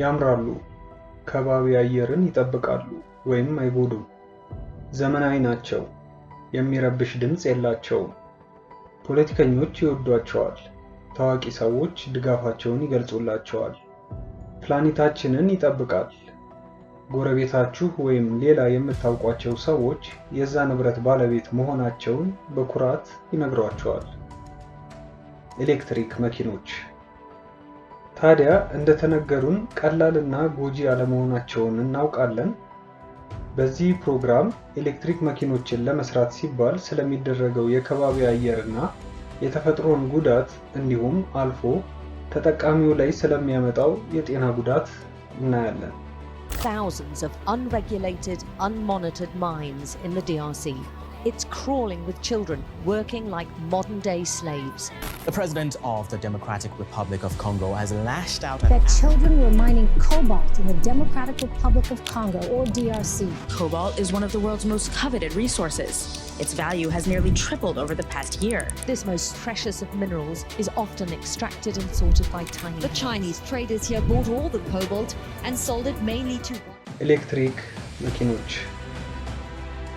ያምራሉ፣ ከባቢ አየርን ይጠብቃሉ ወይም አይጎዱም። ዘመናዊ ናቸው፣ የሚረብሽ ድምፅ የላቸውም። ፖለቲከኞች ይወዷቸዋል፣ ታዋቂ ሰዎች ድጋፋቸውን ይገልጹላቸዋል። ፕላኔታችንን ይጠብቃል። ጎረቤታችሁ ወይም ሌላ የምታውቋቸው ሰዎች የዛ ንብረት ባለቤት መሆናቸውን በኩራት ይነግሯቸዋል። ኤሌክትሪክ መኪኖች ታዲያ እንደተነገሩን ቀላልና ጎጂ አለመሆናቸውን እናውቃለን። በዚህ ፕሮግራም ኤሌክትሪክ መኪኖችን ለመስራት ሲባል ስለሚደረገው የከባቢ አየርና የተፈጥሮን ጉዳት እንዲሁም አልፎ ተጠቃሚው ላይ ስለሚያመጣው የጤና ጉዳት እናያለን። Thousands of unregulated, unmonitored mines in the DRC. It's crawling with children working like modern day slaves. The president of the Democratic Republic of Congo has lashed out that children were mining cobalt in the Democratic Republic of Congo, or DRC. Cobalt is one of the world's most coveted resources. Its value has nearly tripled over the past year. This most precious of minerals is often extracted and sorted by tiny. The Chinese traders here bought all the cobalt and sold it mainly to. Electric machinery.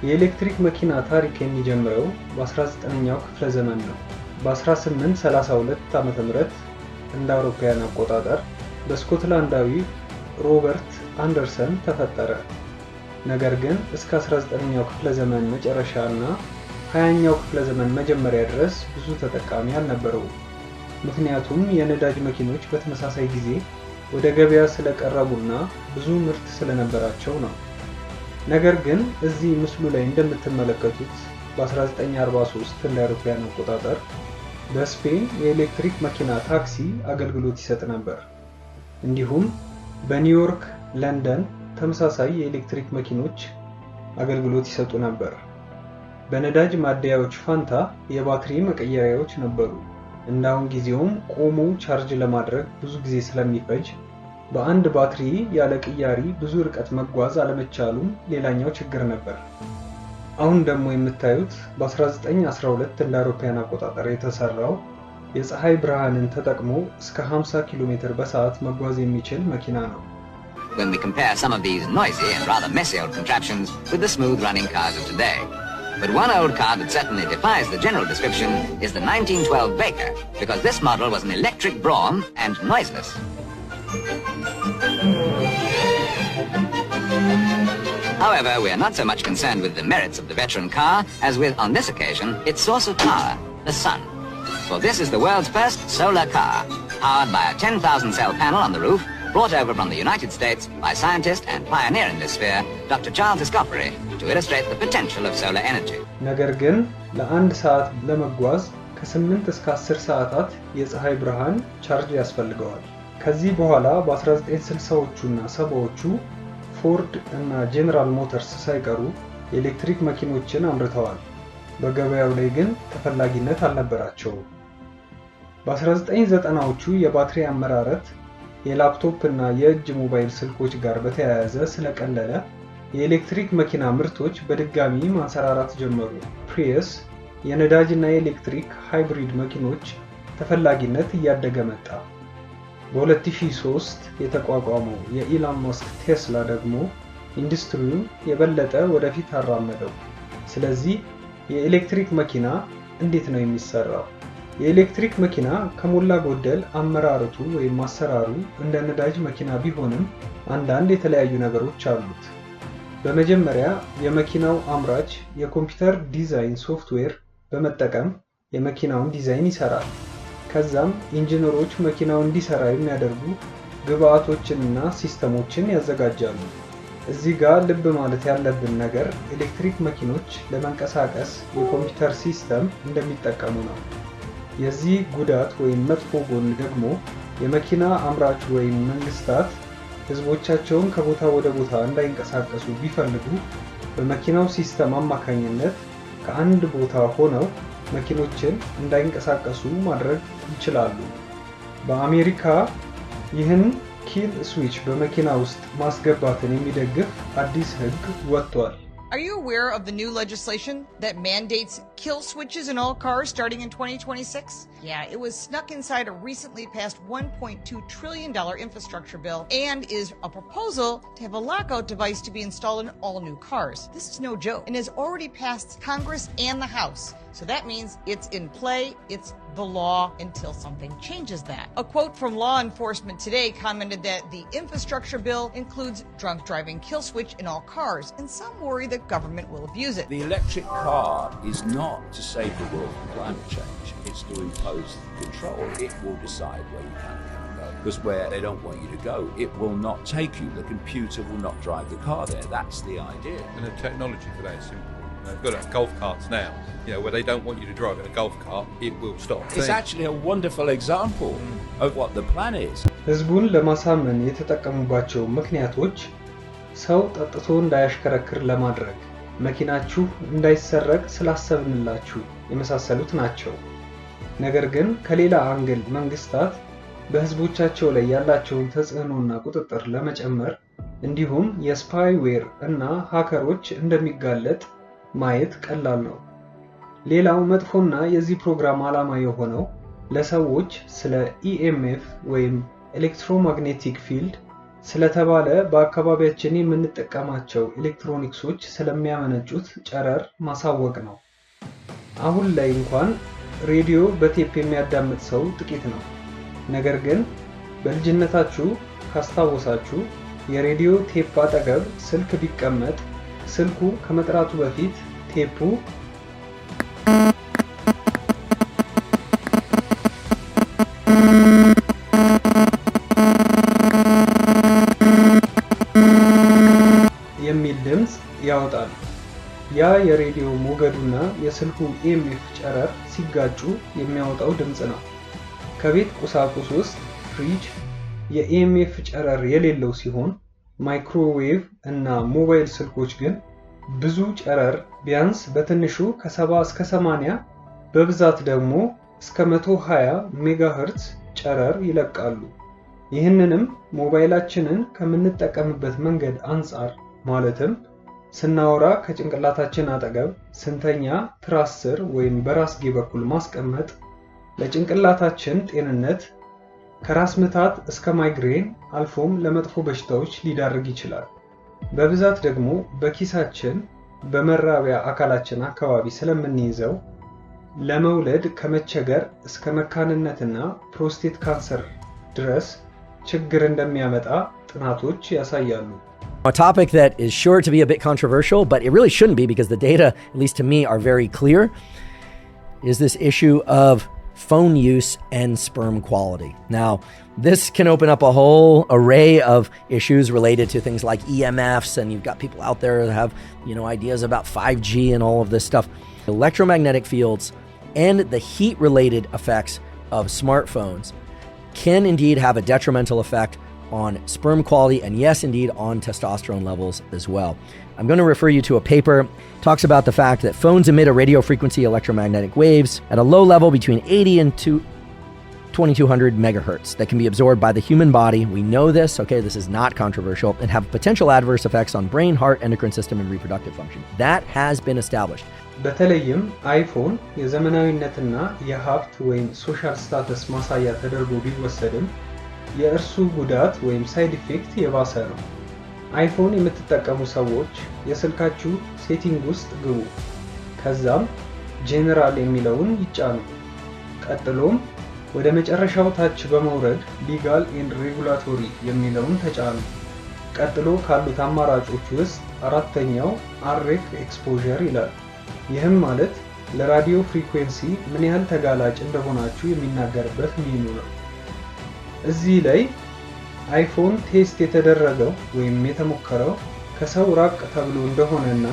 የኤሌክትሪክ መኪና ታሪክ የሚጀምረው በ19ኛው ክፍለ ዘመን ነው። በ1832 ም እንደ አውሮፓውያን አቆጣጠር በስኮትላንዳዊ ሮበርት አንደርሰን ተፈጠረ። ነገር ግን እስከ 19ኛው ክፍለ ዘመን መጨረሻ እና 20ኛው ክፍለ ዘመን መጀመሪያ ድረስ ብዙ ተጠቃሚ አልነበረው። ምክንያቱም የነዳጅ መኪኖች በተመሳሳይ ጊዜ ወደ ገበያ ስለቀረቡና ብዙ ምርት ስለነበራቸው ነው። ነገር ግን እዚህ ምስሉ ላይ እንደምትመለከቱት በ1943 እንደ አውሮፓውያን አቆጣጠር በስፔን የኤሌክትሪክ መኪና ታክሲ አገልግሎት ይሰጥ ነበር። እንዲሁም በኒውዮርክ፣ ለንደን ተመሳሳይ የኤሌክትሪክ መኪኖች አገልግሎት ይሰጡ ነበር። በነዳጅ ማደያዎች ፋንታ የባትሪ መቀየሪያዎች ነበሩ። እንዳሁን ጊዜውም ቆሞ ቻርጅ ለማድረግ ብዙ ጊዜ ስለሚፈጅ በአንድ ባትሪ ያለ ቅያሪ ብዙ ርቀት መጓዝ አለመቻሉም ሌላኛው ችግር ነበር። አሁን ደግሞ የምታዩት በ1912 እንደ አውሮፓውያን አቆጣጠር የተሰራው የፀሐይ ብርሃንን ተጠቅሞ እስከ 50 ኪሎ ሜትር በሰዓት መጓዝ የሚችል መኪና ነው። However, we're not so much concerned with the merits of the veteran car as with, on this occasion, its source of power, the sun. For this is the world's first solar car, powered by a 10,000-cell panel on the roof, brought over from the United States by scientist and pioneer in this sphere, Dr. Charles Escoffery, to illustrate the potential of solar energy. ለአንድ ሰዓት ከ8 እስከ 10 ሰዓታት የፀሐይ ብርሃን ቻርጅ ያስፈልገዋል። ከዚህ በኋላ በ1960ዎቹና ሰባዎቹ ፎርድ እና ጄኔራል ሞተርስ ሳይቀሩ የኤሌክትሪክ መኪኖችን አምርተዋል። በገበያው ላይ ግን ተፈላጊነት አልነበራቸውም። በ1990ዎቹ የባትሪ አመራረት የላፕቶፕ እና የእጅ ሞባይል ስልኮች ጋር በተያያዘ ስለቀለለ የኤሌክትሪክ መኪና ምርቶች በድጋሚ ማንሰራራት ጀመሩ። ፕሪየስ፣ የነዳጅ እና የኤሌክትሪክ ሃይብሪድ መኪኖች ተፈላጊነት እያደገ መጣ። በ2003 የተቋቋመው የኢላን ማስክ ቴስላ ደግሞ ኢንዱስትሪውን የበለጠ ወደፊት አራመደው። ስለዚህ የኤሌክትሪክ መኪና እንዴት ነው የሚሰራው? የኤሌክትሪክ መኪና ከሞላ ጎደል አመራረቱ ወይም አሰራሩ እንደ ነዳጅ መኪና ቢሆንም አንዳንድ የተለያዩ ነገሮች አሉት። በመጀመሪያ የመኪናው አምራች የኮምፒውተር ዲዛይን ሶፍትዌር በመጠቀም የመኪናውን ዲዛይን ይሰራል። ከዛም ኢንጂነሮች መኪናው እንዲሰራ የሚያደርጉ ግብአቶችንና ሲስተሞችን ያዘጋጃሉ። እዚህ ጋር ልብ ማለት ያለብን ነገር ኤሌክትሪክ መኪኖች ለመንቀሳቀስ የኮምፒውተር ሲስተም እንደሚጠቀሙ ነው። የዚህ ጉዳት ወይም መጥፎ ጎን ደግሞ የመኪና አምራች ወይም መንግስታት ህዝቦቻቸውን ከቦታ ወደ ቦታ እንዳይንቀሳቀሱ ቢፈልጉ በመኪናው ሲስተም አማካኝነት ከአንድ ቦታ ሆነው መኪኖችን እንዳይንቀሳቀሱ ማድረግ ይችላሉ። በአሜሪካ ይህን ኪል ስዊች በመኪና ውስጥ ማስገባትን የሚደግፍ አዲስ ወጥቷል። Are you aware of the new legislation that mandates kill switches in all cars starting in 2026? Yeah, it was snuck inside a recently passed $1.2 trillion infrastructure bill and is a proposal to have a lockout device to be installed in all new cars. This is no joke and has already passed Congress and the House. So that means it's in play, it's the law until something changes that. A quote from Law Enforcement Today commented that the infrastructure bill includes drunk driving kill switch in all cars, and some worry that government will abuse it. The electric car is not to save the world from climate change, it's to impose control. It will decide where you can and can't go. Because where they don't want you to go, it will not take you. The computer will not drive the car there. That's the idea. And the technology for that is simple They've got to golf carts now, you know, where they don't want you to drive in a golf cart, it will stop. It's actually a wonderful example mm. of what the plan is. ህዝቡን ለማሳመን የተጠቀሙባቸው ምክንያቶች ሰው ጠጥቶ እንዳያሽከረክር ለማድረግ፣ መኪናችሁ እንዳይሰረቅ ስላሰብንላችሁ የመሳሰሉት ናቸው። ነገር ግን ከሌላ አንግል መንግስታት በህዝቦቻቸው ላይ ያላቸውን ተጽዕኖና ቁጥጥር ለመጨመር እንዲሁም የስፓይዌር እና ሃከሮች እንደሚጋለጥ ማየት ቀላል ነው። ሌላው መጥፎና የዚህ ፕሮግራም ዓላማ የሆነው ለሰዎች ስለ ኢኤምኤፍ e ወይም ኤሌክትሮማግኔቲክ ፊልድ ስለተባለ በአካባቢያችን የምንጠቀማቸው ኤሌክትሮኒክሶች ስለሚያመነጩት ጨረር ማሳወቅ ነው። አሁን ላይ እንኳን ሬዲዮ በቴፕ የሚያዳምጥ ሰው ጥቂት ነው። ነገር ግን በልጅነታችሁ ካስታወሳችሁ የሬዲዮ ቴፕ አጠገብ ስልክ ቢቀመጥ ስልኩ ከመጥራቱ በፊት ቴፑ የሚል ድምፅ ያወጣል። ያ የሬዲዮ ሞገዱና የስልኩ ኢኤምኤፍ ጨረር ሲጋጩ የሚያወጣው ድምፅ ነው። ከቤት ቁሳቁስ ውስጥ ፍሪጅ የኢኤምኤፍ ጨረር የሌለው ሲሆን ማይክሮዌቭ እና ሞባይል ስልኮች ግን ብዙ ጨረር ቢያንስ በትንሹ ከ70 እስከ 80 በብዛት ደግሞ እስከ 120 ሜጋሄርትስ ጨረር ይለቃሉ። ይህንንም ሞባይላችንን ከምንጠቀምበት መንገድ አንጻር ማለትም ስናወራ ከጭንቅላታችን አጠገብ፣ ስንተኛ ትራስ ስር ወይም በራስጌ በኩል ማስቀመጥ ለጭንቅላታችን ጤንነት ከራስ ምታት እስከ ማይግሬን አልፎም ለመጥፎ በሽታዎች ሊዳርግ ይችላል። በብዛት ደግሞ በኪሳችን በመራቢያ አካላችን አካባቢ ስለምንይዘው ለመውለድ ከመቸገር እስከ መካንነትና ፕሮስቴት ካንሰር ድረስ ችግር እንደሚያመጣ ጥናቶች ያሳያሉ። A topic that is sure to be a bit controversial, but it really shouldn't be because the data, at least to me, are very clear, is this issue of phone use, and sperm quality. Now, this can open up a whole array of issues related to things like EMFs, and you've got people out there that have, you know, ideas about 5G and all of this stuff. Electromagnetic fields and the heat related effects of smartphones can indeed have a detrimental effect on sperm quality and yes indeed on testosterone levels as well i'm going to refer you to a paper talks about the fact that phones emit a radio frequency electromagnetic waves at a low level between 80 and 2200 megahertz that can be absorbed by the human body we know this okay this is not controversial and have potential adverse effects on brain heart endocrine system and reproductive function that has been established በተለይም አይፎን የዘመናዊነትና የሀብት ወይም ሶሻል ስታተስ ማሳያ ተደርጎ ቢወሰድም የእርሱ ጉዳት ወይም ሳይድ ኢፌክት የባሰ ነው። አይፎን የምትጠቀሙ ሰዎች የስልካችሁ ሴቲንግ ውስጥ ግቡ። ከዛም ጄኔራል የሚለውን ይጫኑ። ቀጥሎም ወደ መጨረሻው ታች በመውረድ ሊጋል ኤንድ ሬጉላቶሪ የሚለውን ተጫኑ። ቀጥሎ ካሉት አማራጮች ውስጥ አራተኛው አሬክ ኤክስፖዠር ይላል። ይህም ማለት ለራዲዮ ፍሪኩዌንሲ ምን ያህል ተጋላጭ እንደሆናችሁ የሚናገርበት ሚኑ ነው። እዚህ ላይ አይፎን ቴስት የተደረገው ወይም የተሞከረው ከሰው ራቅ ተብሎ እንደሆነና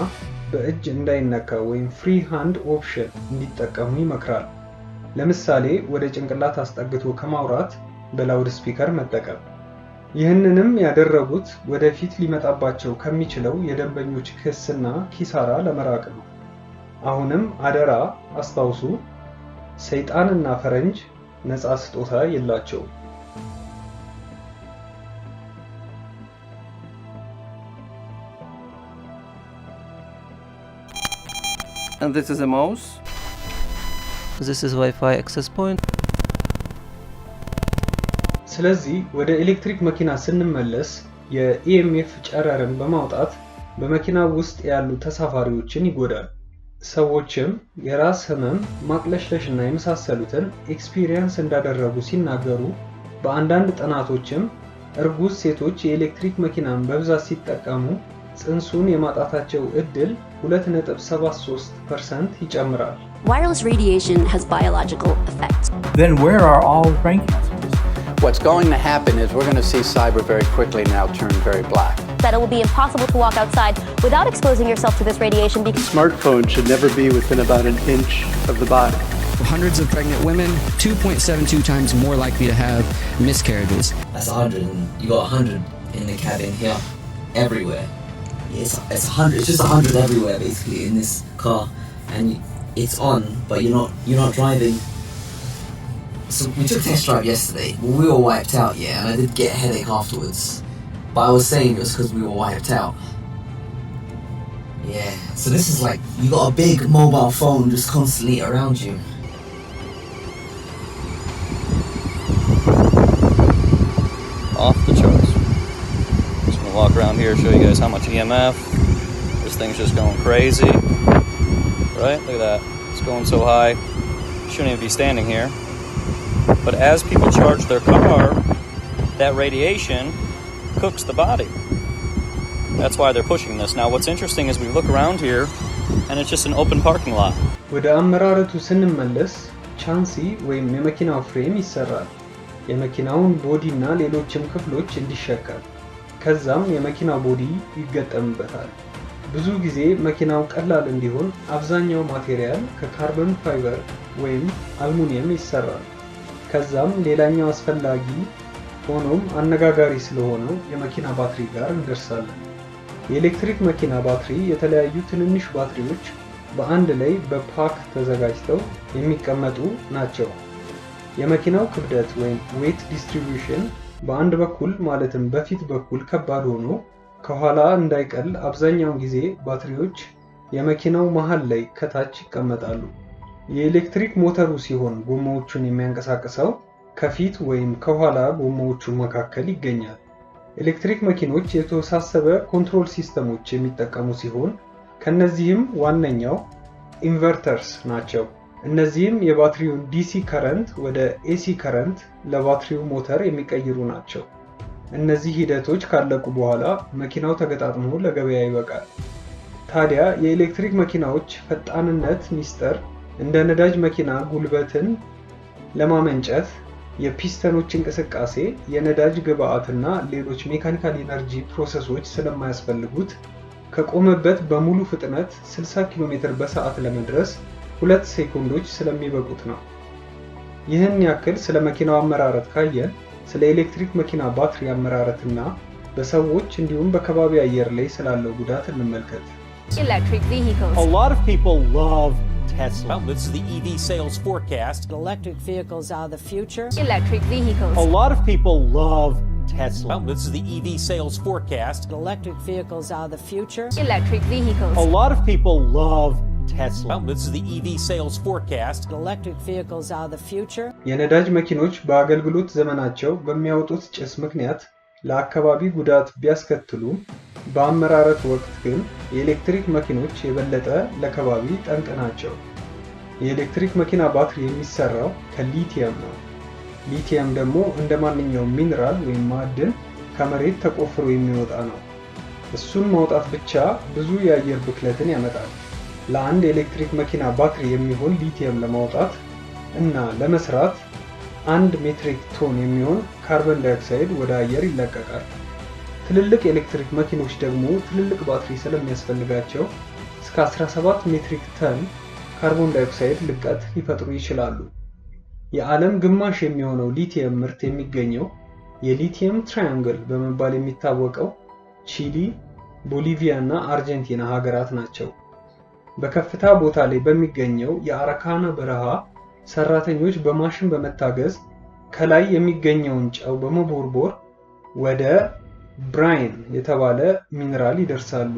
በእጅ እንዳይነካ ወይም ፍሪ ሃንድ ኦፕሽን እንዲጠቀሙ ይመክራል። ለምሳሌ ወደ ጭንቅላት አስጠግቶ ከማውራት በላውድ ስፒከር መጠቀም። ይህንንም ያደረጉት ወደፊት ሊመጣባቸው ከሚችለው የደንበኞች ክስና ኪሳራ ለመራቅ ነው። አሁንም አደራ አስታውሱ፣ ሰይጣንና ፈረንጅ ነፃ ስጦታ የላቸውም። And this is a mouse. This is Wi-Fi access point. ስለዚህ ወደ ኤሌክትሪክ መኪና ስንመለስ የኢኤምኤፍ ጨረርን በማውጣት በመኪና ውስጥ ያሉ ተሳፋሪዎችን ይጎዳል። ሰዎችም የራስ ህመም፣ ማቅለሽለሽ እና የመሳሰሉትን ኤክስፒሪየንስ እንዳደረጉ ሲናገሩ በአንዳንድ ጥናቶችም እርጉዝ ሴቶች የኤሌክትሪክ መኪናን በብዛት ሲጠቀሙ ጽንሱን የማጣታቸው እድል 2.73% ይጨምራል። Wireless radiation has biological effects. Then where are all rankings? What's going to happen is we're going to see cyber very quickly now turn very black. That it will be impossible to walk outside without exposing yourself to this radiation. Because Smartphone should never be within about an inch of the body. hundreds of pregnant women 2.72 times more likely to have miscarriages. That's 100. You got 100 in the cabin here, everywhere it's it's hundred. It's just a hundred everywhere basically in this car, and it's on, but you're not you're not driving. So we took a test drive yesterday. Well, we were wiped out, yeah, and I did get a headache afterwards. But I was saying it was because we were wiped out. Yeah. So this is like you got a big mobile phone just constantly around you. here, show you guys how much EMF. This thing's just going crazy. Right? Look at that. It's going so high. Shouldn't even be standing here. But as people charge their car, that radiation cooks the body. That's why they're pushing this. Now, what's interesting is we look around here, and it's just an open parking lot. ወደ አመራረቱ ስንመለስ ቻንሲ ወይም የመኪናው ፍሬም ይሰራል። የመኪናውን ቦዲ እና ሌሎችም ክፍሎች እንዲሸከም ከዛም የመኪናው ቦዲ ይገጠምበታል። ብዙ ጊዜ መኪናው ቀላል እንዲሆን አብዛኛው ማቴሪያል ከካርበን ፋይበር ወይም አልሙኒየም ይሰራል። ከዛም ሌላኛው አስፈላጊ ሆኖም አነጋጋሪ ስለሆነው የመኪና ባትሪ ጋር እንደርሳለን። የኤሌክትሪክ መኪና ባትሪ የተለያዩ ትንንሽ ባትሪዎች በአንድ ላይ በፓክ ተዘጋጅተው የሚቀመጡ ናቸው። የመኪናው ክብደት ወይም ዌት ዲስትሪቢዩሽን በአንድ በኩል ማለትም በፊት በኩል ከባድ ሆኖ ከኋላ እንዳይቀል አብዛኛውን ጊዜ ባትሪዎች የመኪናው መሃል ላይ ከታች ይቀመጣሉ። የኤሌክትሪክ ሞተሩ ሲሆን ጎማዎቹን የሚያንቀሳቅሰው ከፊት ወይም ከኋላ ጎማዎቹ መካከል ይገኛል። ኤሌክትሪክ መኪኖች የተወሳሰበ ኮንትሮል ሲስተሞች የሚጠቀሙ ሲሆን ከነዚህም ዋነኛው ኢንቨርተርስ ናቸው። እነዚህም የባትሪውን ዲሲ ከረንት ወደ ኤሲ ከረንት ለባትሪው ሞተር የሚቀይሩ ናቸው። እነዚህ ሂደቶች ካለቁ በኋላ መኪናው ተገጣጥሞ ለገበያ ይበቃል። ታዲያ የኤሌክትሪክ መኪናዎች ፈጣንነት ሚስጥር እንደ ነዳጅ መኪና ጉልበትን ለማመንጨት የፒስተኖች እንቅስቃሴ፣ የነዳጅ ግብዓትና ሌሎች ሜካኒካል ኢነርጂ ፕሮሰሶች ስለማያስፈልጉት ከቆመበት በሙሉ ፍጥነት 60 ኪሎ ሜትር በሰዓት ለመድረስ ሁለት ሴኮንዶች ስለሚበቁት ነው። ይህን ያክል ስለ መኪናው አመራረት ካየን ስለ ኤሌክትሪክ መኪና ባትሪ አመራረትና በሰዎች እንዲሁም በከባቢ አየር ላይ ስላለው ጉዳት እንመልከት። ኤሌክትሪክ Tesla. This is the EV sales forecast. Electric የነዳጅ መኪኖች በአገልግሎት ዘመናቸው በሚያወጡት ጭስ ምክንያት ለአካባቢ ጉዳት ቢያስከትሉም በአመራረት ወቅት ግን የኤሌክትሪክ መኪኖች የበለጠ ለከባቢ ጠንቅ ናቸው። የኤሌክትሪክ መኪና ባትሪ የሚሰራው ከሊቲየም ነው። ሊቲየም ደግሞ እንደ ማንኛውም ሚነራል ወይም ማዕድን ከመሬት ተቆፍሮ የሚወጣ ነው። እሱን ማውጣት ብቻ ብዙ የአየር ብክለትን ያመጣል። ለአንድ ኤሌክትሪክ መኪና ባትሪ የሚሆን ሊቲየም ለማውጣት እና ለመስራት አንድ ሜትሪክ ቶን የሚሆን ካርበን ዳይኦክሳይድ ወደ አየር ይለቀቃል። ትልልቅ ኤሌክትሪክ መኪኖች ደግሞ ትልልቅ ባትሪ ስለሚያስፈልጋቸው እስከ 17 ሜትሪክ ተን ካርቦን ዳይኦክሳይድ ልቀት ሊፈጥሩ ይችላሉ። የዓለም ግማሽ የሚሆነው ሊቲየም ምርት የሚገኘው የሊቲየም ትራያንግል በመባል የሚታወቀው ቺሊ፣ ቦሊቪያ እና አርጀንቲና ሀገራት ናቸው። በከፍታ ቦታ ላይ በሚገኘው የአረካና በረሃ ሰራተኞች በማሽን በመታገዝ ከላይ የሚገኘውን ጨው በመቦርቦር ወደ ብራይን የተባለ ሚነራል ይደርሳሉ።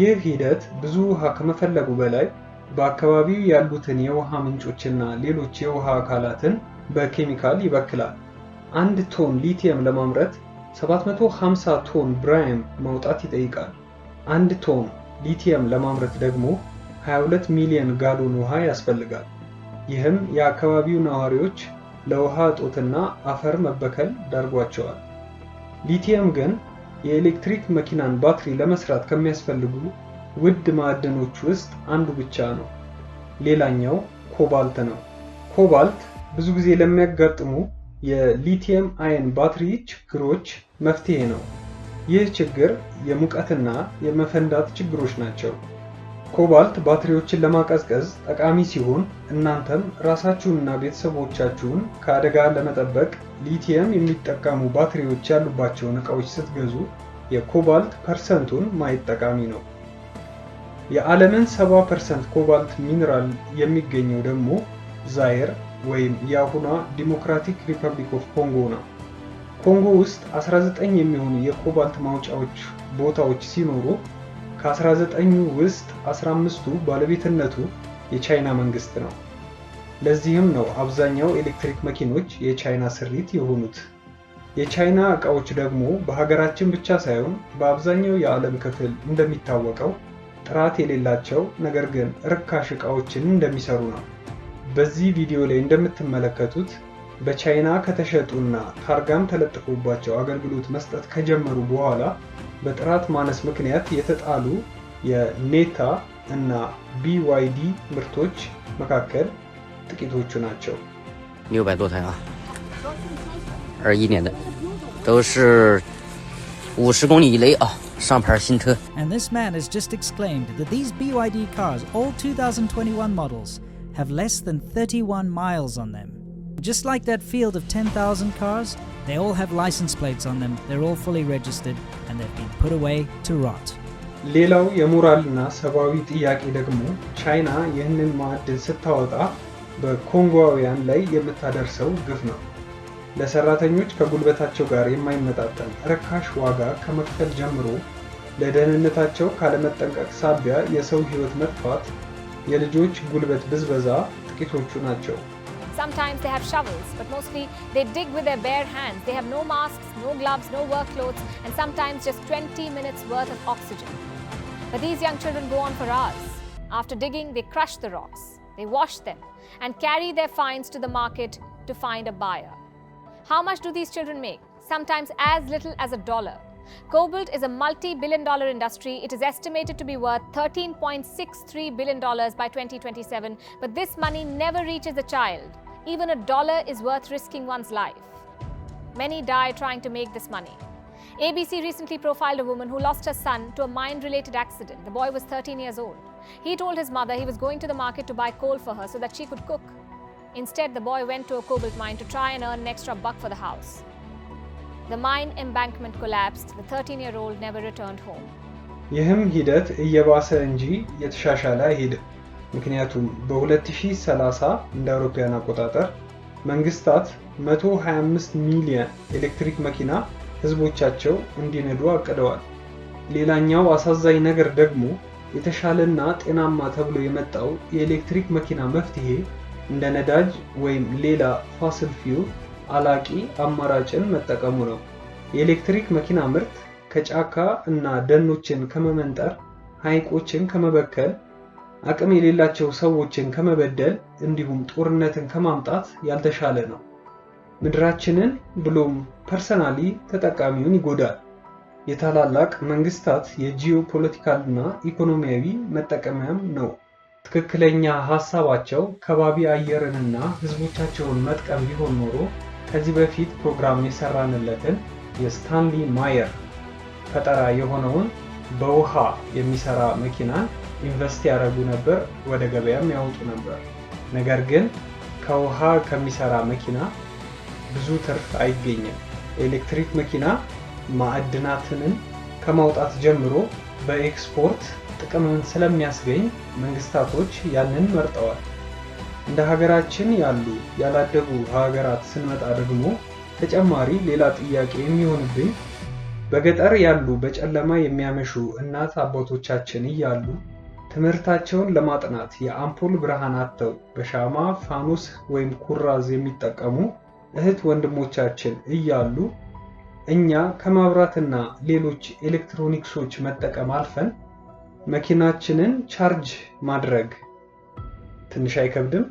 ይህ ሂደት ብዙ ውሃ ከመፈለጉ በላይ በአካባቢው ያሉትን የውሃ ምንጮችና ሌሎች የውሃ አካላትን በኬሚካል ይበክላል። አንድ ቶን ሊቲየም ለማምረት 750 ቶን ብራይም ማውጣት ይጠይቃል። አንድ ቶን ሊቲየም ለማምረት ደግሞ 22 ሚሊዮን ጋሎን ውሃ ያስፈልጋል። ይህም የአካባቢው ነዋሪዎች ለውሃ እጦትና አፈር መበከል ዳርጓቸዋል። ሊቲየም ግን የኤሌክትሪክ መኪናን ባትሪ ለመስራት ከሚያስፈልጉ ውድ ማዕድኖች ውስጥ አንዱ ብቻ ነው። ሌላኛው ኮባልት ነው። ኮባልት ብዙ ጊዜ ለሚያጋጥሙ የሊቲየም አየን ባትሪ ችግሮች መፍትሄ ነው። ይህ ችግር የሙቀትና የመፈንዳት ችግሮች ናቸው። ኮባልት ባትሪዎችን ለማቀዝቀዝ ጠቃሚ ሲሆን እናንተም ራሳችሁንና ቤተሰቦቻችሁን ከአደጋ ለመጠበቅ ሊቲየም የሚጠቀሙ ባትሪዎች ያሉባቸውን እቃዎች ስትገዙ የኮባልት ፐርሰንቱን ማየት ጠቃሚ ነው። የዓለምን 70 ፐርሰንት ኮባልት ሚኒራል የሚገኘው ደግሞ ዛየር ወይም የአሁኗ ዲሞክራቲክ ሪፐብሊክ ኦፍ ኮንጎ ነው። ኮንጎ ውስጥ 19 የሚሆኑ የኮባልት ማውጫዎች ቦታዎች ሲኖሩ ከ19ኙ ውስጥ 15ቱ ባለቤትነቱ የቻይና መንግስት ነው። ለዚህም ነው አብዛኛው ኤሌክትሪክ መኪኖች የቻይና ስሪት የሆኑት። የቻይና እቃዎች ደግሞ በሀገራችን ብቻ ሳይሆን በአብዛኛው የዓለም ክፍል እንደሚታወቀው ጥራት የሌላቸው ነገር ግን ርካሽ እቃዎችን እንደሚሰሩ ነው። በዚህ ቪዲዮ ላይ እንደምትመለከቱት በቻይና ከተሸጡና ታርጋም ተለጥፎባቸው አገልግሎት መስጠት ከጀመሩ በኋላ በጥራት ማነስ ምክንያት የተጣሉ የኔታ እና ቢዋይዲ ምርቶች መካከል ጥቂቶቹ ናቸው። And this man has just exclaimed that these BYD cars, all 2021 models, have less than 31 miles on them. Just like that field of 10,000 cars, they all have license plates on them, they're all fully registered, and they've been put away to rot. ሌላው የሞራልና ሰብአዊ ጥያቄ ደግሞ ቻይና ይህንን ማዕድን ስታወጣ በኮንጓውያን ላይ የምታደርሰው ግፍ ነው። ለሰራተኞች ከጉልበታቸው ጋር የማይመጣጠን ርካሽ ዋጋ ከመክፈል ጀምሮ ለደህንነታቸው ካለመጠንቀቅ ሳቢያ የሰው ሕይወት መጥፋት፣ የልጆች ጉልበት ብዝበዛ ጥቂቶቹ ናቸው። Sometimes they have shovels, but mostly they dig with their bare hands. They have no masks, no gloves, no work clothes, and sometimes just 20 minutes worth of oxygen. But these young children go on for hours. After digging, they crush the rocks, they wash them, and carry their finds to the market to find a buyer. How much do these children make? Sometimes as little as a dollar. Cobalt is a multi billion dollar industry. It is estimated to be worth $13.63 billion by 2027, but this money never reaches the child. Even a dollar is worth risking one's life. Many die trying to make this money. ABC recently profiled a woman who lost her son to a mine related accident. The boy was 13 years old. He told his mother he was going to the market to buy coal for her so that she could cook. Instead, the boy went to a cobalt mine to try and earn an extra buck for the house. The mine embankment collapsed. The 13 year old never returned home. ይህም ሂደት እየባሰ እንጂ የተሻሻለ አይሄድም። ምክንያቱም በ2030 እንደ አውሮፓውያን አቆጣጠር መንግስታት 125 ሚሊዮን ኤሌክትሪክ መኪና ህዝቦቻቸው እንዲነዱ አቅደዋል። ሌላኛው አሳዛኝ ነገር ደግሞ የተሻለና ጤናማ ተብሎ የመጣው የኤሌክትሪክ መኪና መፍትሄ እንደ ነዳጅ ወይም ሌላ ፋስል ፊውል አላቂ አማራጭን መጠቀሙ ነው። የኤሌክትሪክ መኪና ምርት ከጫካ እና ደኖችን ከመመንጠር ሐይቆችን ከመበከል አቅም የሌላቸው ሰዎችን ከመበደል እንዲሁም ጦርነትን ከማምጣት ያልተሻለ ነው። ምድራችንን ብሎም ፐርሰናሊ ተጠቃሚውን ይጎዳል። የታላላቅ መንግስታት የጂኦ ፖለቲካልና ኢኮኖሚያዊ መጠቀሚያም ነው። ትክክለኛ ሀሳባቸው ከባቢ አየርንና ህዝቦቻቸውን መጥቀም ቢሆን ኖሮ ከዚህ በፊት ፕሮግራም የሰራንለትን የስታንሊ ማየር ፈጠራ የሆነውን በውሃ የሚሰራ መኪናን ኢንቨስት ያደረጉ ነበር፣ ወደ ገበያም ያወጡ ነበር። ነገር ግን ከውሃ ከሚሰራ መኪና ብዙ ትርፍ አይገኝም። ኤሌክትሪክ መኪና ማዕድናትንን ከማውጣት ጀምሮ በኤክስፖርት ጥቅምን ስለሚያስገኝ መንግስታቶች ያንን መርጠዋል። እንደ ሀገራችን ያሉ ያላደጉ ሀገራት ስንመጣ ደግሞ ተጨማሪ ሌላ ጥያቄ የሚሆንብኝ በገጠር ያሉ በጨለማ የሚያመሹ እናት አባቶቻችን እያሉ ትምህርታቸውን ለማጥናት የአምፖል ብርሃን አጥተው በሻማ ፋኖስ ወይም ኩራዝ የሚጠቀሙ እህት ወንድሞቻችን እያሉ እኛ ከማብራትና ሌሎች ኤሌክትሮኒክሶች መጠቀም አልፈን መኪናችንን ቻርጅ ማድረግ ትንሽ አይከብድም?